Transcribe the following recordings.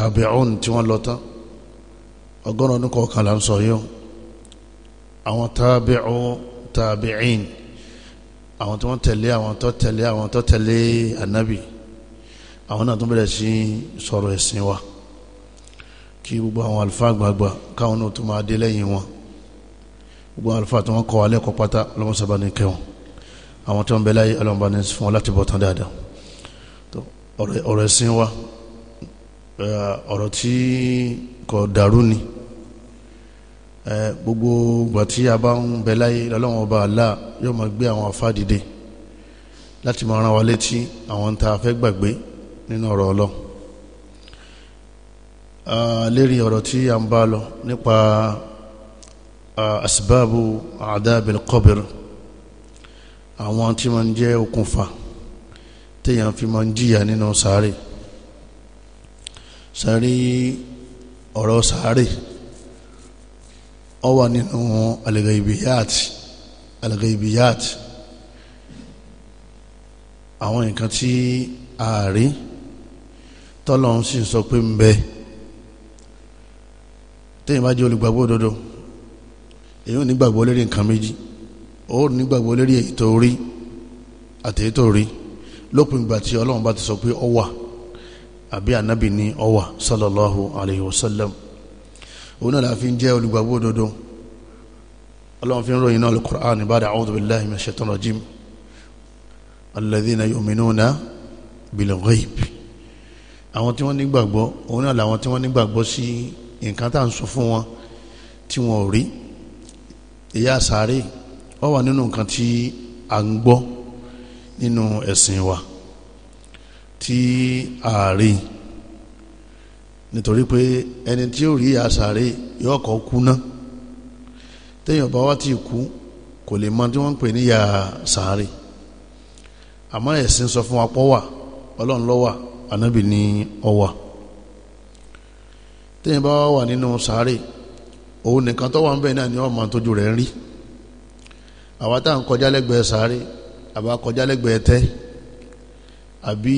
tàbíùn tí wọ́n lọ tán ọgọ́rùn ọdún kọ̀ọ̀kan là ń sọ yóò àwọn tàbíù tàbíìn àwọn tí wọ́n tẹ̀lé àwọn tó tẹ̀lé àwọn tó tẹ̀lé ànábì àwọn náà tó bẹ̀rẹ̀ sí sọ̀rọ̀ ẹ̀sìn wa kí gbogbo àwọn àlùfáà gbàgbà káwọn náà tó máa dé lẹ́yìn wọn gbogbo àwọn tó wọ́n kọ́ alẹ́ kọ́ pátá ọlọ́mọsàbá ní kẹwọn àwọn tó ń bẹ láyé ọlọ́mọba ní fún wọn láti bọ̀ tán dáadáa ọ̀rọ̀ ẹ̀sìn wa Eh, ọ̀rọ̀ tí kò dàrú ni eh, gbogbo ìgbà tí a bá ń bẹ láyé lọ́lọ́wọ́n ọba àlá yóò máa gbé àwọn afá dìde láti máa rán wa létí àwọn tá a fẹ́ gbàgbé nínú ọ̀rọ̀ ọlọ́run lérí ọ̀rọ̀ tí a ń bá lọ nípa asibaabu adabil qabr àwọn tí máa jẹ́ okùnfà téèyàn fi máa ń jìyà nínú sáré. No Sari, ọ̀rọ̀ sáré ọ wà nínú al-ghaibiyat al-ghaibiyat àwọn nǹkan tí a rí tọ́lọ̀ ń sì sọ pé ń bẹ téèyàn bá jẹ́ olùgbàgbọ́ òdodo èyí ò nígbàgbọ́ lérí nǹkan méjì ó nígbàgbọ́ lérí èyí tó rí àti èyí tó rí lópin ìgbà tí ọlọ́run bá ti sọ pé ó wà àbí ànábì ní ọwà sallallahu alayhi wa sallam òun náà láàfin jẹ́ olùgbàgbọ́ òdodo ọlọ́run fi ń ròyìn náà al-Qur'an ba'da a'udhu billahi minash shaitanir rajim alladhina yu'minuna bil ghaib àwọn tí wọ́n nígbàgbọ́ òun náà làwọn tí wọ́n nígbàgbọ́ sí nǹkan tá à ń sọ fún wọn tí wọn ò rí ìyá sáré ó wà nínú nǹkan tí à ń gbọ́ nínú ẹ̀sìn wa tí a rí nítorí pé ẹni tí ó rí àṣàrí yóò kọ́ kú ná téèyàn bá wá ti kú kò lè mọ tí wọ́n ń pè ní yàrá sàárè àmọ́ ẹ̀sìn sọ fún wa pọ́ wà ọlọ́run ló wà ànábì ní ó wà téèyàn bá wà nínú sàárè òun nìkan tó wà ń bẹ̀ náà ni ọmọ tójú rẹ̀ ń rí àwa táà ń kọjá lẹ́gbẹ̀ẹ́ sàárè àbá kọjá lẹ́gbẹ̀ẹ́ tẹ́ àbí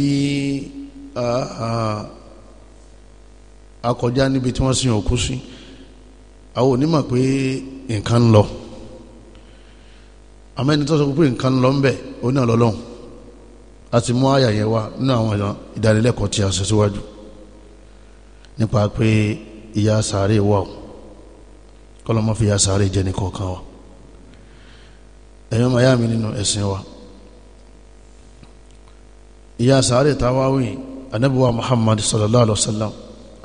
akọjá níbi tí wọ́n sin òkú sí àwọn onímọ̀ pé nǹkan ń lọ àmọ́ ẹni tó sọ pé nǹkan ń lọ ń bẹ̀ ó ní ọlọ́lọ́hùn a ti mú àyà yẹn wá nínú àwọn ìdánilẹ́kọ̀ọ́ tí a ṣe síwájú nípa pé ìyà sàárè wà ó kọ́lọ́mọ́ fi ìyà sàárè jẹ́ nìkọ̀ọ̀kan wa ẹ̀yọ́ màyá mi nínú ẹ̀sìn wa ìyá sàárè tàwáwì anábíwá muhammad sallallahu alaihi wasallam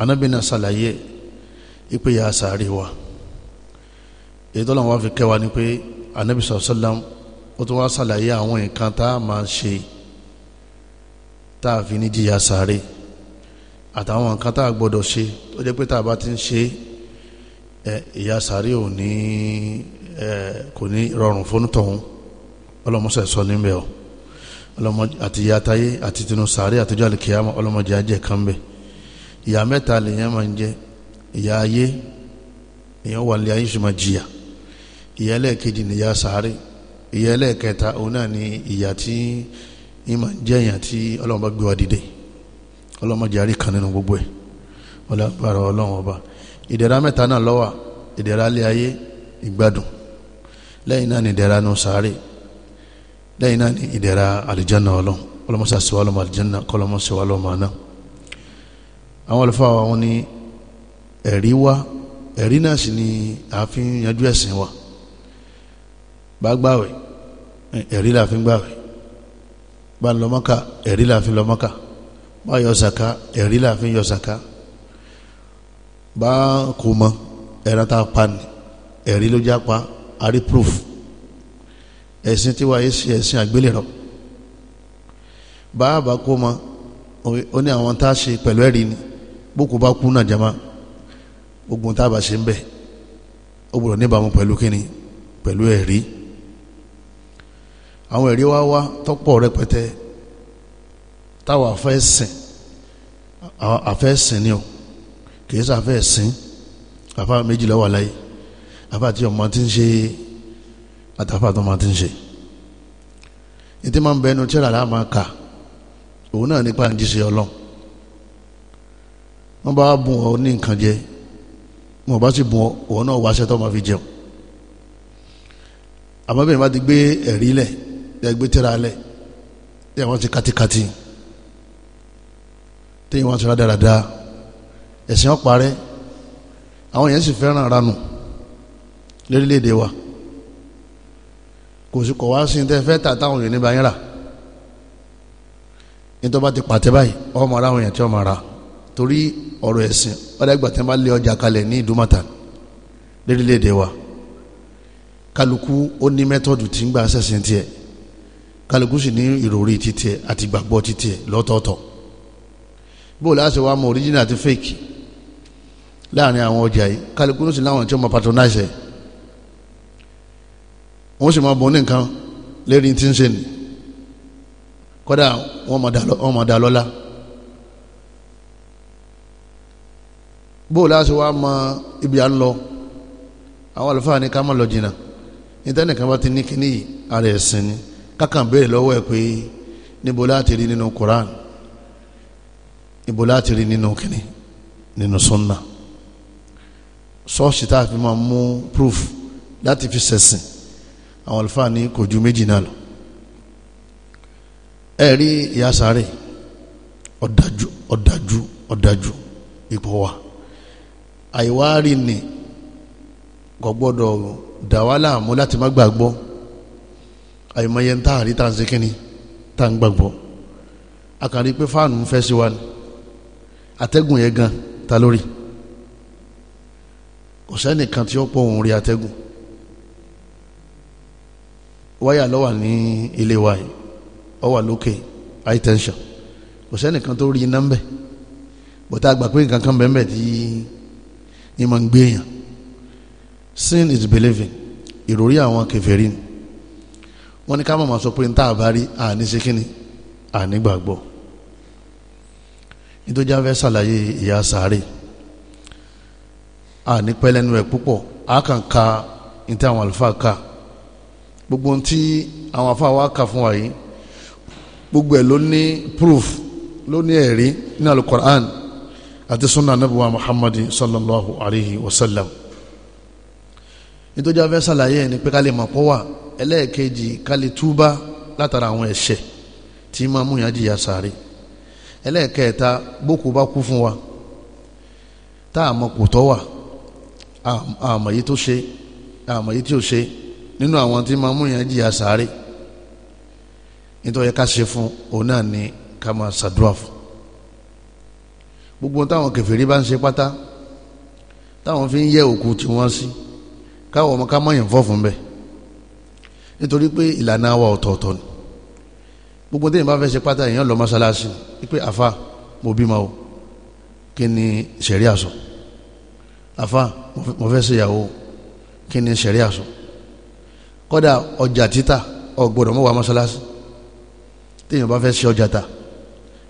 anábìnà sàlàyé ìpè ìyá sàárè wa èyí tó lọ́wọ́ fi kẹwàá ni pé anábì sallallahu alaihi wasallam ó tún wá sàlàyé àwọn nǹkan tá a máa ṣe tá a fi ní jìyà sàárè àtàwọn nǹkan tá a gbọ́dọ̀ ṣe tó jẹ́ pé tá a bá ti ń ṣe ìyà sàárè ò ní kò ní rọrùn fónítọ̀hún ọlọ́mọṣẹ́ sọ níbẹ̀ o àti yàtayé àti tinú sàárè àtijọ́ àlìkìyàmọ́ ọlọ́mọdé ajẹ́ kan bẹ̀ ìyá mẹ́ta lèèyàn máa ń jẹ ìyá ayé èèyàn wà nílé ayé sì máa jìyà ìyá ẹlẹ́ẹ̀kejì ni ìyá sàárè ìyá ẹlẹ́ẹ̀kẹta òun náà ni ìyá tí ìmọ̀ ń jẹ́ èèyàn tí ọlọ́run bá gbé wa dìde ọlọ́mọdé arí kan nínú gbogbo ẹ̀ wọlé agbára ọlọ́run ọba ìdẹ̀ra mẹ́ta náà ló wà alẹ́ ayé ìgbádùn lẹ́yìn náà ni ìdẹ̀ra nù sàárè lẹ́yìn náà ni ìdẹ̀ra àlìjánà ọlọ́run ọlọ́mọṣà sí wa lọ́mọ àlìjánà kọ́lọ́mọṣà wa lọ́mọ àná àwọn àlùfáà wa wọn ni ẹ̀rí wa ẹ̀rí náà sì ni àáfin yanjú ẹ̀sìn wa bá gbàwẹ̀ ẹ̀rí la fi gbàwẹ̀ bá lọ ẹ̀rí la fi lọ bá yọ ẹ̀rí la fi yọ bá kò mọ ẹ̀rọ tá pa ni ẹ̀rí ló já pa àrí proof ẹ̀sìn tí wáyé sí ẹ̀sìn àgbélẹ̀rọ bàbá kó mọ ó ní àwọn tá a ṣe pẹ̀lú ẹ̀rí ni bókù bá kú náà jama gbogbo tá a bá ṣe ń bẹ̀ ó gbọ́dọ̀ níbàámu pẹ̀lú kíni pẹ̀lú ẹ̀rí àwọn ẹ̀rí wá wá tọ́pọ̀ rẹpẹtẹ táwọn afẹ́ sìn afẹ́ sìn ni o kì sàfẹ́ sìn àfa méjìlá wà láyé àfa àti ọmọ tí ń ṣe àtàfà tó máa ti ń ṣe ètí máa ń bẹnu tíra láà máa kà òun náà nípa ìjíṣẹ́ ọlọ́run wọ́n bá bùn ọ ní nǹkan jẹ wọn bá sì bùn ọ òun náà wáṣẹ tó máa fi jẹun àmọ́ bẹ́ẹ̀ bá ti gbé ẹ̀rí lẹ̀ ẹ̀ gbé tíra lẹ̀ ẹ̀ wọ́n ti kátikáti téèyàn wọn sọ dáradára ẹ̀sìn ọ̀parẹ́ àwọn yẹn sì fẹ́ràn ranù lórílẹ̀‐èdè wa kò sí kọ̀ wá sí tẹ́ fẹ́ tà táwọn èèyàn níbà yín rà nítorí bá ti pàtẹ́ báyìí ọmọ ara àwọn èèyàn tí ọmọ ara torí ọ̀rọ̀ ẹ̀sìn ọ̀dẹ́gbà tí wọ́n bá lé ọjà kalẹ̀ ní ìdúmọ̀tà lórílẹ̀‐èdè wa kálukú ó ní mẹ́tọ́dù tí ń gbà sẹ̀sìn tiẹ̀ kálukú sì ní ìròrí titiẹ̀ àti gbàgbọ́ titiẹ̀ lọ́tọ̀ọ̀tọ̀ bó láti wá mọ original àti fake láàrin àwọn ọjà yìí kálukú ló sì láwọn tí wọ́n patronize ẹ̀ wọ́n sì máa bọ̀ ní nǹkan lérí tí ń ṣe nì kọ́dà wọ́n máa dà lọ́la bóòlù ibi à ń lọ àwọn àlùfáà ní ká má lọ jìnnà ìtẹ́nìkan bá ti ní kíní yìí ara ẹ̀sìn ni kákan béèrè lọ́wọ́ ẹ̀ pé níbo láti rí nínú koran níbo láti rí nínú kíní nínú sunna ṣọ́ọ̀ṣì tá a fi máa mú proof láti fi àwọn àlùfáà ní kò ju méjì náà lọ ẹ rí ìyá sáré ọ̀dájú ọ̀dájú ọ̀dájú ipò wa àìwárí ni kò gbọ́dọ̀ dà láàmú láti má gbàgbọ́ àìmọye ń táàrí tá à ń ṣe kínní tá à ń gbàgbọ́ akàrí pé fáànù ń fẹ́ sí wa ni atẹ́gùn yẹn gan ta lórí kò sẹ́nìkan tí ó pọ̀ òun rí atẹ́gùn wáyà lọ́wà ní ilé wa yìí ọ wà lókè high tension kò sẹ́nìkan tó rí iná mbẹ́ bọ́tà àgbà pé nǹkan kan bẹ́ẹ̀ mbẹ́ tí ní máa ń gbé èèyàn sin is believing ìròrí àwọn kèfèrí ni wọ́n ní ká máa sọ pé n tá a bá rí àní ṣe kí ni àní gbàgbọ́ nítorí jáfẹ́ ṣàlàyé ìyá sáré àní pẹ́lẹ́nu ẹ̀ púpọ̀ a kàn ka ní tí àwọn àlùfáà kà gbogbo ohun tí àwọn afa wa kà fún wa yìí gbogbo ẹ̀ ló ní proof ló ní ẹ̀rí ní Quran àti sunna wa muhammadu sallallahu alayhi wa sallam nítorí afẹ́ sàlàyé ni pé ká lè mọ̀ pọ́ wà ẹlẹ́ẹ̀kejì ká lè túbá látara àwọn ẹ̀ṣẹ̀ tí máa mú yàn jìyà sáré ẹlẹ́ẹ̀kẹta bókù bá kú fún wa tá a mọ̀ kò tọ́ wà àmọ̀ yìí tó ṣe àmọ̀ yìí tí ò ṣe nínú àwọn tí máa mú yẹn jìyà sáré nítorí yẹ ká ṣe fún òun náà ní ká máa ṣàdúrà fún gbogbo táwọn kèfèrí bá ń ṣe pátá táwọn fi ń yẹ òkú tí wọ́n sí káwọn ọmọ ká mọ̀yìn fọ́ fún nítorí pé ìlànà wa ọ̀tọ̀ọ̀tọ̀ ni gbogbo téèyàn bá fẹ́ ṣe pátá èèyàn lọ mọ́ṣáláṣí wípé àfa mo bímọ o kí ni ṣẹ̀rí àṣọ àfa mo fẹ́ ṣèyàwó kí ni ṣẹ̀rí àṣọ kọ́dà ọjà títà ọ̀gbọ́dọ̀ mọ́wàá mọ́sálásí téèyàn bá fẹ́ ṣe ọjà ta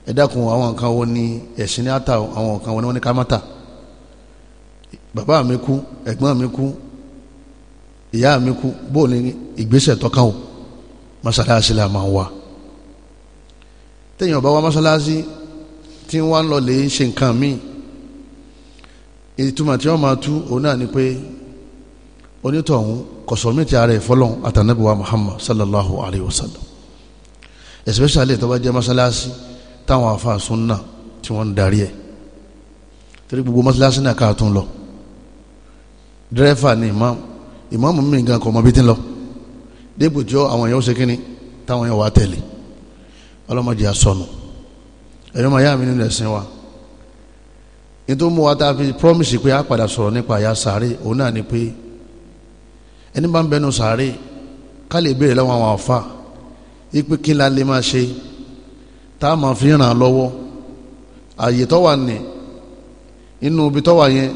ẹ dákun àwọn nǹkan wo ni ẹ̀sìn ní ata àwọn nǹkan wo ni wọ́n ní ká má ta bàbá mi kú ẹ̀gbọ́n mi kú ìyá mi kú bó ni ìgbésẹ̀ tọ́kàn o mọ́sálásí la máa ń wá téèyàn bá wá mọ́sálásí tí wọ́n lọ lè ṣe nǹkan míì ìtumọ̀ tí wọ́n máa tú òun náà ni pé onítọ̀hún kọ̀sọ̀mí ti ara ìfọlọ́n àtànẹ́bùwà Muhammad sallallahu alayhi wa sallam especially tó bá jẹ́ masalasi táwọn afa sunna tí wọ́n ń darí ẹ̀ torí gbogbo masalasi náà káàtún lọ dírẹ́fà ni imam imam mi nǹkan kọ̀ ọmọ bíi ń lọ dépò tí àwọn èèyàn ṣe kínní táwọn èèyàn wà á tẹ̀lé ọlọ́mọdé àsọnù ẹ̀yọ́ máa yá mi nínú ẹ̀sìn wa nítorí mo wá tá a fi promise pé a padà sọ̀rọ̀ nípa àyà sáré òun náà ni pé ẹni bá ń bẹnu sàárè ká lè béèrè lọ́wọ́ àwọn àfa ipe kí la lè máa ṣe tá a máa fi ràn án lọ́wọ́ ààyè tó wà ní inú ibi tó wà yẹn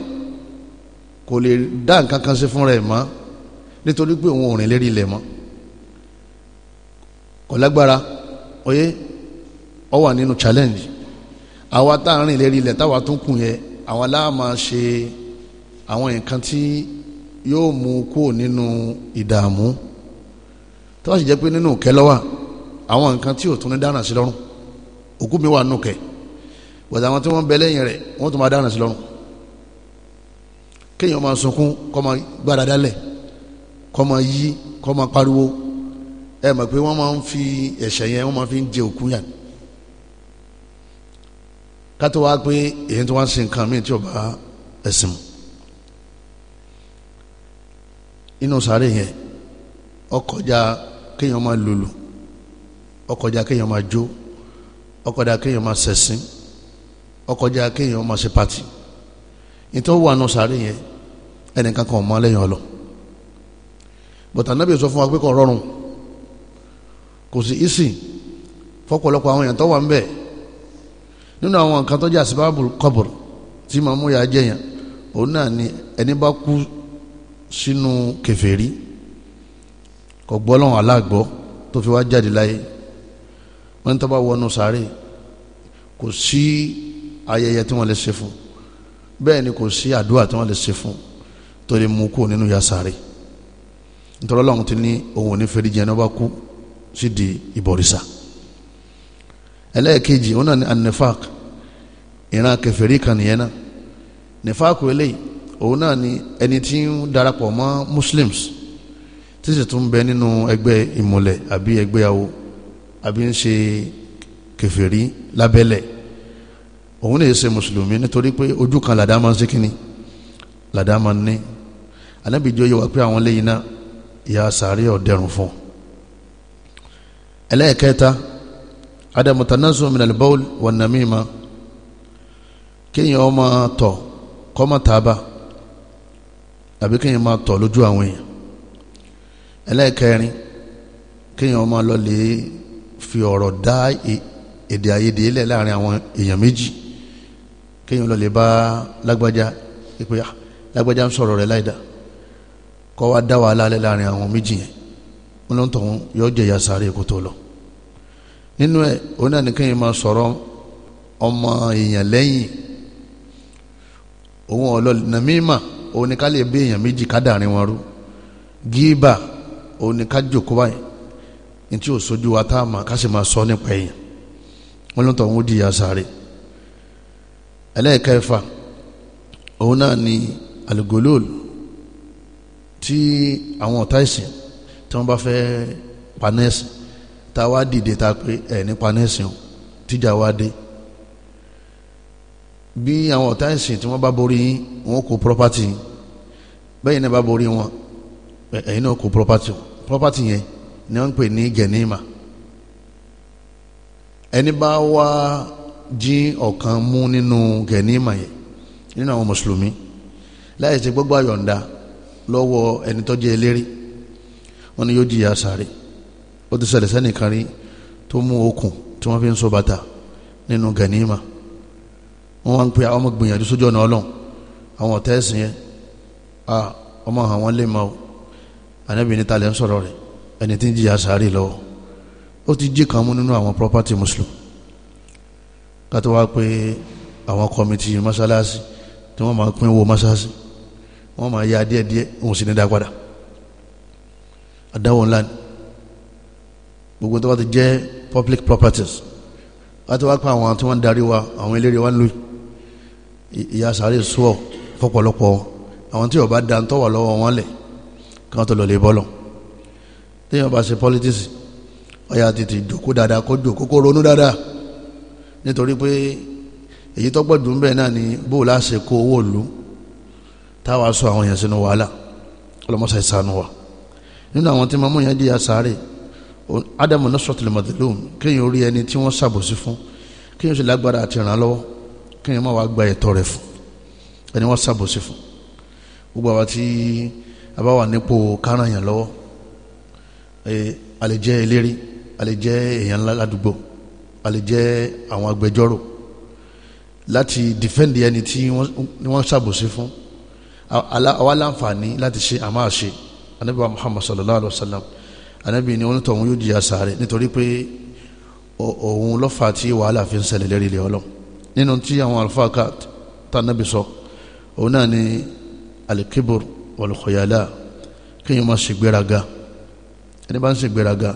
kò lè dá nǹkan kan sí fúnra ẹ̀ mọ́ nítorí pé òun ò rìn lérí ilẹ̀ mọ́ kò lágbára oyé ọ wà nínú challenge àwa tá a rìn lérí ilẹ̀ táwa tún kù yẹn àwa láà máa ṣe àwọn nǹkan tí yóò mú kúrò nínú ìdààmú tó bá sì jẹ́ pé nínú ìkẹ́ lọ́wọ́ àwọn nǹkan tí ò tún ní dáná sí lọ́rùn òkú mi wà nù kẹ́ wọ́n àwọn tí wọ́n bẹ lẹ́yìn rẹ̀ wọ́n tún máa dáná sí lọ́rùn kéèyàn máa sunkún kọ́ máa gbára dálẹ̀ kọ́ máa yí kọ́ máa pariwo ẹ mọ̀ pé wọ́n máa ń fi ẹ̀ṣẹ̀ yẹn wọ́n máa fi ń jẹ òkú yàn kátó wá pé èyí tó wá ń sin nǹkan míì tí ò bá ẹ̀sìn mu inú sáré yẹn ọkọjá kéèyàn máa lùlù ọkọjá kéèyàn máa jó ọkọjá kéèyàn máa ṣẹ̀sìn ọkọjá kéèyàn máa ṣe pàtì nítorí wà nù sáré yẹn ẹnìkan kan mọ lẹ́yìn ọlọ bọ̀tà nábì sọ fún wa pé kò rọrùn kò sí ìsì fọ́pọ̀lọpọ̀ àwọn èèyàn tó wà ń nínú àwọn nǹkan tó jẹ́ àsìbáàbù kọ̀bùrù tí màmú yà á jẹ̀yàn òun náà ni ẹni bá kú sínú kèfèrí kò gbọ́ lọ́wọ́ aláàgbọ́ tó fi wá jáde láyé wọ́n tó bá wọnú sáré kò sí ayẹyẹ tí wọ́n lè ṣe fún bẹ́ẹ̀ ni kò sí àdúrà tí wọ́n lè ṣe fún tó mú kó nínú ya sáré nítorí ọlọ́run ti ní òun ò ní fẹ́rí jẹ́ ẹni wọ́n bá kú sí di ìbọ̀rìṣà ẹlẹ́ẹ̀kejì òun náà ní anifak ìran kèfèrí kan nìyẹn náà nifak eléyìí òun náà ni ẹni tí ń darapọ̀ mọ́ muslims tí sì tún bẹ nínú ẹgbẹ́ ìmọ̀lẹ̀ àbí ẹgbẹ́ awo àbí ń ṣe kèfèrí lábẹ́lẹ̀ òun lè ṣe mùsùlùmí nítorí pé ojú kan làdá máa ń ṣe kínní làdá máa ń ní anábìjọ yẹ wá pé àwọn lẹ́yìn náà ìyá sàárẹ̀ ọ̀dẹ̀rùn fún ẹlẹ́ẹ̀kẹta adamu tanazu minal bawl wa namima kéèyàn ọmọ tọ̀ kọ́mọ tàbá tàbí kéèyàn máa tọ̀ lójú àwọn èèyàn ẹlẹ́ẹ̀kẹrin kéèyàn máa lọ lè fi ọ̀rọ̀ dá e, èdè àìyedè lẹ̀ láàrin àwọn èèyàn méjì kéèyàn lọ lè bá lágbájá pé ah, lágbájá ń sọ̀rọ̀ rẹ̀ láìda kọ́ wa dá wàhálà lẹ̀ láàrin àwọn méjì yẹn wọn ló ń tọ̀hún yọ jẹ̀yà sáré kó tó lọ nínú ẹ̀ òun náà ni kéèyàn máa sọ̀rọ̀ ọmọ èèyàn lẹ́yìn òun ọ̀lọ́ nàmímà òun ni ká lè bí èèyàn méjì ká wọn rú gíbà òun báyìí ní tí ò sojú wa tá a mọ̀ ká sì máa sọ nípa èèyàn wọn ló ń di yasare ẹlẹ́ẹ̀kẹfà òun náà ni aligolol tí àwọn ọ̀tá ìsìn tí wọ́n bá fẹ́ panẹ́sì tá a wá dìde tá pé ẹ̀ ní panẹ́sì tíjà wá dé bí àwọn ọ̀tá ẹ̀sìn tí wọ́n bá borí wọn kó property bẹ́ẹ̀ náà bá borí wọn ẹ̀yin náà kó property property yẹn ni wọ́n ń pè ní gẹ̀nìmà ẹni bá wá jí ọ̀kan mú nínú gẹ̀nìmà yẹn nínú àwọn mùsùlùmí láì ṣe gbogbo àyọ̀ǹda lọ́wọ́ ẹni tó jẹ́ eléré wọ́n ní yóò jìyà sáré ó ti ṣẹlẹ̀ sẹ́nìkan rí tó mú okùn tí wọ́n fi ń so bàtà nínú gẹ̀nìmà. No wọ́n wá ń pe àwọn ọmọ gbìyànjú sójú ọ̀nà ọlọ́run àwọn ọ̀tá ẹ̀sìn yẹn a ọmọ hàn wọ́n lè mọ́ o ànábì ní talẹ̀ ń sọ̀rọ̀ rẹ̀ ẹni tí ń jìyà sáré lọ́wọ́ ó ti jí kan mú nínú àwọn property muslim kátó wá pé àwọn kọ́mítì mọ́sálásí tí wọ́n máa pín owó mọ́sálásí wọ́n máa ya díẹ̀díẹ̀ òun sì ní dá padà àdáwọ̀ ńlá ni gbogbo tó bá ti jẹ́ public properties láti wá pa àwọn tí wọ́n ń darí wa àwọn eléré wa ń lóyún ìyá sáré sùọ́ fọ́pọ̀lọpọ̀ àwọn tí ọba da tọ́wà lọ́wọ́ wọn lẹ̀ kí wọ́n tó lọ lè bọ́lọ̀ téèyàn bá ṣe politics ọ̀yà tètè jòkó dáadáa kó jòkó kó ronú dáadáa nítorí pé èyí tọ́gbọ̀ dùn bẹ́ẹ̀ náà ni bóò láṣẹ kó owó ìlú táwa sọ àwọn èèyàn sínú wàhálà ọlọmọṣẹ ìsànù wa nínú àwọn tí mamu yẹn di asáré Adamu nasratul madlum kéèyàn orí ẹni tí wọ́n ṣàbòsí fún kéèyàn sì lágbára àti ìrànlọ́wọ́ kéèyàn máa wá gba ẹ̀tọ́ rẹ̀ fún ẹni wọ́n ṣàbòsí fún gbogbo àwa tí a bá wà nípò kárànyàn lọ́wọ́ a lè jẹ́ eléré a lè jẹ́ èèyàn ńlá ládùúgbò a lè jẹ́ àwọn agbẹjọ́rò láti dìfẹ́ǹdì ẹni tí wọ́n ṣàbòsí fún àwa láǹfààní láti ṣe àmọ́ àṣe anabi muhammad sallallahu alaihi wa sallam anabi ni onítọ̀hún yóò jìyà sáré nítorí pé òun lọ́fà tí wàhálà fi ń ṣẹlẹ̀ lérí ilé ọlọ́run nínú tí àwọn alifaka tànàbí sọ òun náà ni alikibur wàlúkọyàlá kéèyàn máa ṣègbéraga ẹni bá ń ṣègbéraga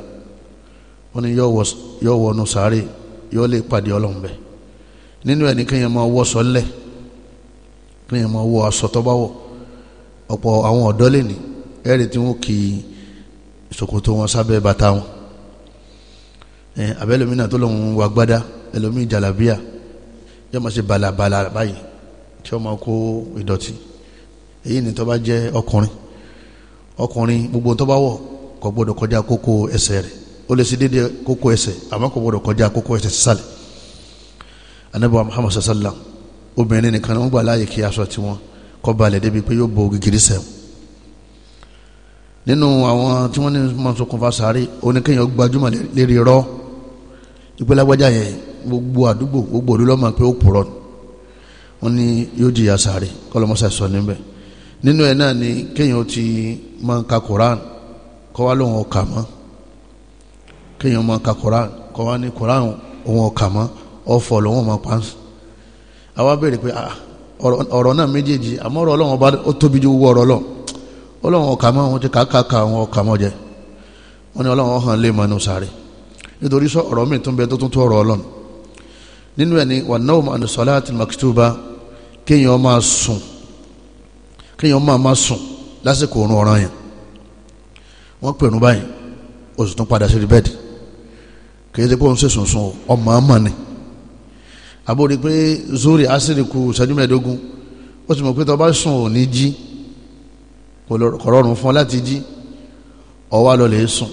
wọn ni yóò wọnú sáré yóò lè pàdé ọlọ́run bẹ́ẹ̀ nínú ẹni kéèyàn máa wọ sọ́lẹ̀ kéèyàn máa wọ aṣọ tó bá wọ̀ ọ̀pọ̀ àwọn ọ̀dọ́ lè ní ẹ̀rì tí wọ́n kì í ṣòkòtò wọn sábẹ́ bàtà wọn abẹ́lómìnà tó lọ́wọ́ wọn wà gbádá ẹlòmíì jàlábíà yóò máa ṣe balabala báyìí tí ó máa kó ìdọ̀tí èyí ni tó bá jẹ́ ọkùnrin ọkùnrin gbogbo tó bá wọ̀ kò gbọ́dọ̀ kọjá kókó ẹsẹ̀ rẹ̀ ó lè ṣe déédéé kókó ẹsẹ̀ àmọ́ kò gbọ́dọ̀ kọjá kókó ẹsẹ̀ sísàlẹ̀ anábọ̀ Muhammad sallam obìnrin nìkan wọ́n gbà láàyè kí aṣọ tiwọn kó balẹ̀ débi pé yóò bo gìgìrì sẹ́wọ̀n nínú àwọn tí wọ́n ní mọ̀ sókun sáré oníkéèyàn gbajúmọ̀ lérí rọ́ ìgbélágbájá yẹn gbogbo àdúgbò gbogbo òdu lọ́mọ pé ó purọ́ wọn ni yóò jìyà sáré kọlọmọsà sọ níbẹ̀ nínú ẹ̀ náà ni kéèyàn ti máa ń ka koran kọ́ wá lóun ọ̀kà mọ́ kéèyàn máa ka koran kọ́ wá ní koran òun ọ̀kà mọ́ ọ̀fọ̀ lòun máa pa àwa béèrè pé ọ̀rọ̀ náà méjèèjì àmọ́ ọ̀rọ̀ ọlọ́run ọba ó tóbi ju owó ọ̀rọ̀ lọ ọlọ́run ọ̀kà mọ́ àwọn ti kàákà ka àwọn ọ̀kà mọ́ jẹ wọ́n ní ọlọ́run ọ̀hàn lè mọ́ inú sáré nítorí sọ ọ̀rọ̀ mi tún bẹ tó tún tó ọ̀rọ̀ ọlọ́run nínú ẹ̀ ni wà náà àni sọláàtì makituba kéèyàn máa sùn kéèyàn máa máa sùn lásìkò òrùn ọ̀ràn yẹn wọ́n pèrún báyìí ó sì tún padà sí bẹ́ẹ̀dì kìí ṣe pé òun ṣe sùn sùn ọmọ ọmọ ni àbórí pé zuri asiri ku ìṣẹ́jú mẹ́ẹ̀ẹ́dógún ó sì mọ̀ pé tọ́ bá sùn ò ní jí kò rọrùn fún ọ láti jí ọwọ́ àlọ́ sùn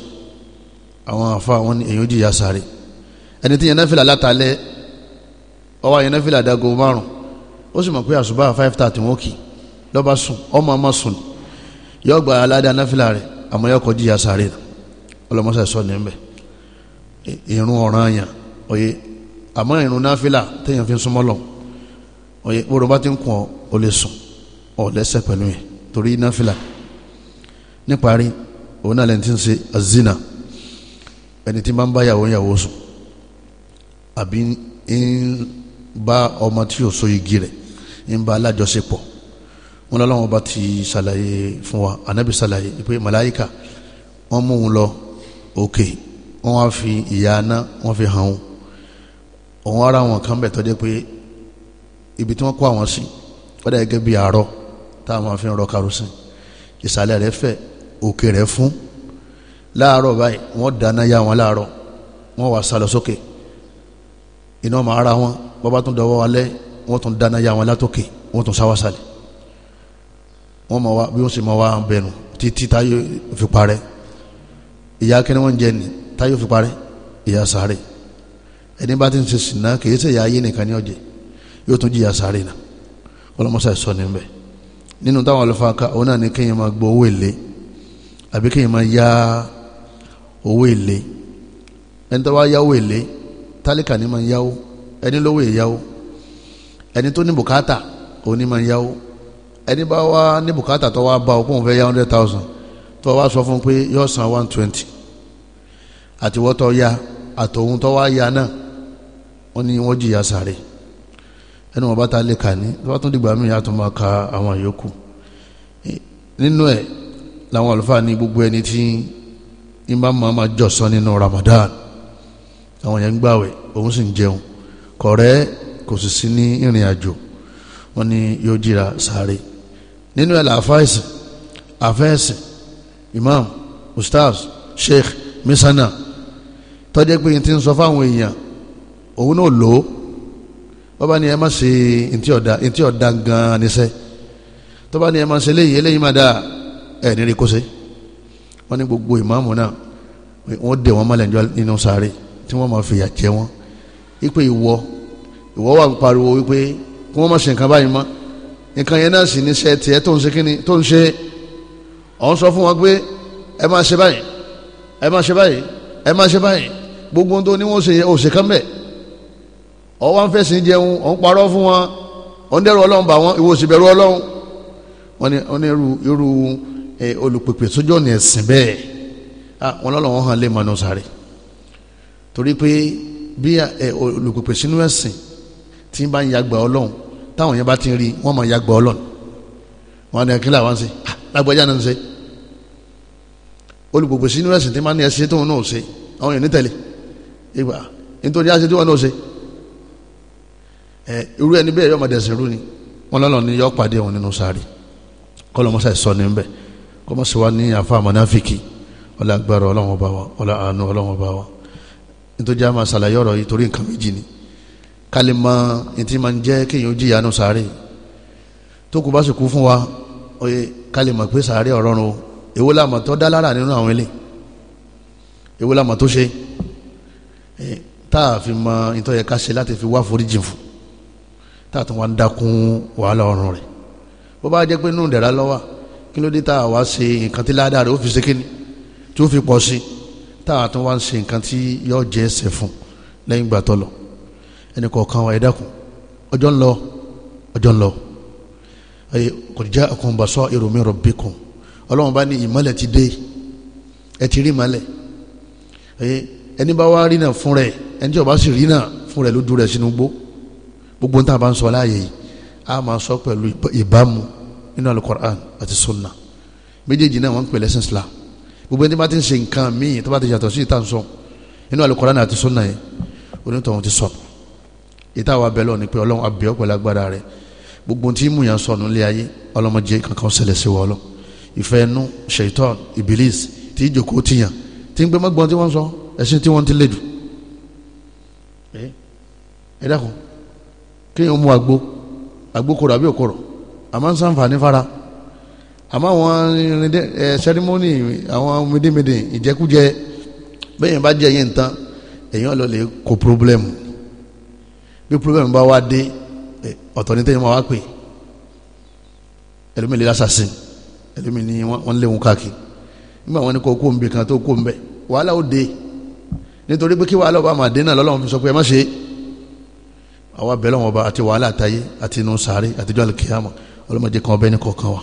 àwọn àfa àwọn èèyàn jìyà sáré ẹni tí yẹn náà fìlà látàlẹ́ ọwọ́ àyẹn náfìlà dago márùn ó sì mọ̀ pé àṣùbà five thirty wọn kì lọ́ba sùn ọmọ ọmọ sùn yọ gba aládé anáfìlà rẹ̀ àmọ́ yọ kọjú ìyá sáré rẹ̀ ọlọ́mọṣẹ́ sọ ní bẹ́ẹ̀ ìrun ọ̀ràn àyàn òye àmọ́ ìrun náfìlà téèyàn fi súnmọ́ lọ òye bóró bá ti ń kùn ọ lè sùn ọ lẹ́sẹ̀ pẹ̀lú yẹn torí náfìlà níparí òun náà lẹ́ni tí ń ṣe azina ẹni tí máa ń bá yàwó yàwó sùn àbí ń ba ọmọ tí ò so igi rẹ̀ ń bá alájọṣepọ̀ wọn lọ́wọ́ bá ti ṣàlàyé fún wa ànábì ṣàlàyé pé màláyíkà wọ́n mú un lọ òkè wọ́n wá fi ìyá aná wọ́n fi hàn òun òun ara wọn kan bẹ̀ tọ́jú pé ibi tí wọ́n kó àwọn sí wọ́n dà gẹ́gẹ́ bí táwọn máa fi ń rọ karùsìn ìsàlẹ̀ rẹ̀ fẹ̀ òkè rẹ̀ fún láàárọ̀ báyìí wọ́n dáná yá wọn láàárọ̀ wọ́n wá sálọ sókè iná máa ra wọn bàbá tún dọwọ́ alẹ́ wọ́n tún dáná ya wọn látòkè wọ́n tún sáwásálẹ̀ wọ́n mọ̀ wá bí wọ́n sì mọ̀ wá bẹ̀rù títí táyọ̀ fi parẹ́ ìyá kí ni wọ́n jẹ ni táyọ̀ fi parẹ́ ìyá sáré ẹni bá ti ń ṣe sìnà kìí ṣe ìyá ayé nìkan ní ọjẹ yóò tún jìyà sáré náà ọlọmọṣà sọ ní bẹ nínú táwọn ọlọfà ká òun náà ni kéèyàn máa gbọ́ owó èlé àbí kéèyàn máa yá owó èlé ẹni tó wá yáwó èlé tálíkà ni máa yáwó ẹni lówó ìyáwó ẹni tó ní bùkátà òní máa ń yáwó ẹni bá wá ní bùkátà tó wá bá òkú òun fẹ́ yá hundred thousand tó wá sọ fún pé yóò san one twenty àtiwọ́ tó yá àtòun tó wá yá náà wọ́n ní wọ́n jìyà sáré ẹnu wọn bá ta lè kà ní tó bá tún dìgbà míì yàtọ̀ máa ka àwọn yòókù nínú ẹ̀ làwọn àlùfáà ní gbogbo ẹni tí ń máa jọ̀sán nínú Ramadan àwọn yẹn ń gbàwẹ̀ òun sì ń jẹun kọ̀rẹ́ kò sì sí ní ìrìn àjò wọn ni yóò jìra sáré nínú ẹ̀ làáfà ẹ̀sìn imam ustaz sheikh misana tọ́jú pé n ti ń sọ fáwọn èèyàn òun náà lò ó bọ́bá ni ẹ má ṣe ntí ọ̀dà ntí ọ̀dà gan-an níṣẹ́ tọ́ba ni ẹ má ṣe léyìí eléyìí má dáa ẹ̀ nírí kó ṣe wọ́n ní gbogbo ìmáàmù náà wọ́n dè wọ́n mọ́lẹ̀ nínú sáré tí wọ́n máa fìyà jẹ wọ́n wípé ìwọ ìwọ wà ń pariwo wípé kí wọ́n má ṣe nǹkan báyìí mọ́ nǹkan yẹn náà sì ní ṣe tiẹ̀ tó ń ṣe kíni tó ń ṣe ọ̀hún sọ fún wọn pé ẹ máa ṣe báyìí ẹ máa ṣe báyìí ẹ máa ṣe báyìí gbogbo ohun tó ní wọ́n ṣe yẹ òṣè kan bẹ̀ ọ̀hún wá ń fẹ̀sìn jẹun ọ̀hún parọ́ fún wọn ọ̀hún dẹ̀rù ọlọ́run bà wọ́n ìwọ òsì bẹ̀rù ọlọ́run wọ́n ní wọ́n ní irú irú olùpèpè sójú ọ̀nà ẹ̀sìn bẹ́ẹ̀ wọ́n ah, wọn hàn bí olùpèpè sínú ẹ̀sìn tí ń bá ń yàgbà ọlọ́run táwọn yẹn bá ti rí wọ́n máa yàgbà ọlọ́run wọn ni kílà wọn ṣe ah, lágbájá náà ń ṣe olùpèpè sínú ẹ̀sìn tí ń bá ní ẹ̀sìn tóun náà ṣe àwọn yẹn nítẹ̀lé ìgbà nítorí àṣẹ tí wọn náà ṣe ẹ irú ẹni bẹ́ẹ̀ yọ ọmọdé ẹ̀sìn rú ni wọn lọ́nà ni yọ pàdé wọn nínú sáré kọlọmọsà ìsọ ní bẹ kọmọsí wa ní àfa àmọ́náfíkì ọlá nítorí àmà ṣàlàyé ọ̀rọ̀ yìí torí nǹkan méjì ni ká lè mọ ní tí máa ń jẹ́ kéèyàn ó jìyà nù sáré tó kù bá sì kú fún wa oye ká lè mọ̀ pé sáré ọ̀rọ̀ rùn o èwo làmọ̀ tó dá lára nínú àwọn ilé èwo làmọ̀ tó ṣe tá a fi mọ nítorí yẹ ká ṣe láti fi wá foríjì fún tá a tún wá ń dákún wàhálà ọ̀run rẹ̀ bó bá jẹ́ pé nù dẹ̀ra lọ́wọ́ kí ló dé tá a wá ṣe nǹkan tí ládàá rẹ̀ ó fi ṣe kíni tí ó fi pọ̀ sí i táwa tó wá ń ṣe nǹkan tí yóò jẹ́ ẹsẹ̀ fún lẹ́yìn ìgbà tó lọ ẹnì kọ̀ọ̀kan ẹ dákun ọjọ́ ń lọ ọjọ́ ń lọ ẹ qad jā'akum baṣā'iru min rabbikum ọlọ́run bá ní ìmọ̀lẹ̀ ti dé ẹ ti rí ìmọ̀lẹ̀ ẹni bá wá rí náà fún rẹ ẹni tí ó bá sì rí náà fún rẹ ló rẹ sínú gbó gbogbo ń tàn bá ń sọ láàyè yìí a máa sọ pẹ̀lú ìbámu nínú Al-Qur'an àti sunna méjèèjì náà wọ́n ń pè lẹ́sìn Islam gbogbo ẹni bá ti ń ṣe nǹkan míì tó bá ti yàtọ̀ sí ìta ń sọ inú al àti sunna yẹn onítọ̀hún ti sọ ìta wa bẹ̀ lọ ni pé ọlọ́run abẹ́ ọ̀pẹ̀ lágbára rẹ̀ gbogbo tí mú yàn sọnù lé ayé ọlọ́mọdé kankan ṣẹlẹ̀ sí wọ́ọ́lọ́ ìfẹ́ inú ṣèitán ibilis tí ìjòkó ti yàn tí ń gbé mọ́gbọ́n tí wọ́n sọ ẹ̀sìn tí wọ́n ti lè dù eh, ẹ dákun kéèyàn mú àgbo àgbo kòrò àbí òkòrò àmọ́ ń fara àmọ́ àwọn sẹ́rímọ́nì àwọn mídìmídì ìjẹkújẹ bẹ́ẹ̀ bá jẹ́ yẹn tán èèyàn lọ lè kó pírọ́blẹ́mù bí pírọ́blẹ́mù bá wá dé ọ̀tọ̀ ní tẹ́yìn máa wá pè ẹlòmíì lè lásàsìn ẹlòmíì ni wọ́n léwu káàkiri nígbà wọn ni kò kó nbẹ kan tó kó nbẹ wàhálà ó dé nítorí pé kí wàhálà ọba máa dé náà lọ́lọ́run fi sọ pé ẹ má ṣe é àwa bẹ̀rẹ̀ wọn ọba àti wàhálà àtayé àti inú sàárè àtijọ́ àlùkìyàmọ̀ ọlọ́mọdé kan ọbẹ̀ ní kọ̀ọ̀kan wa.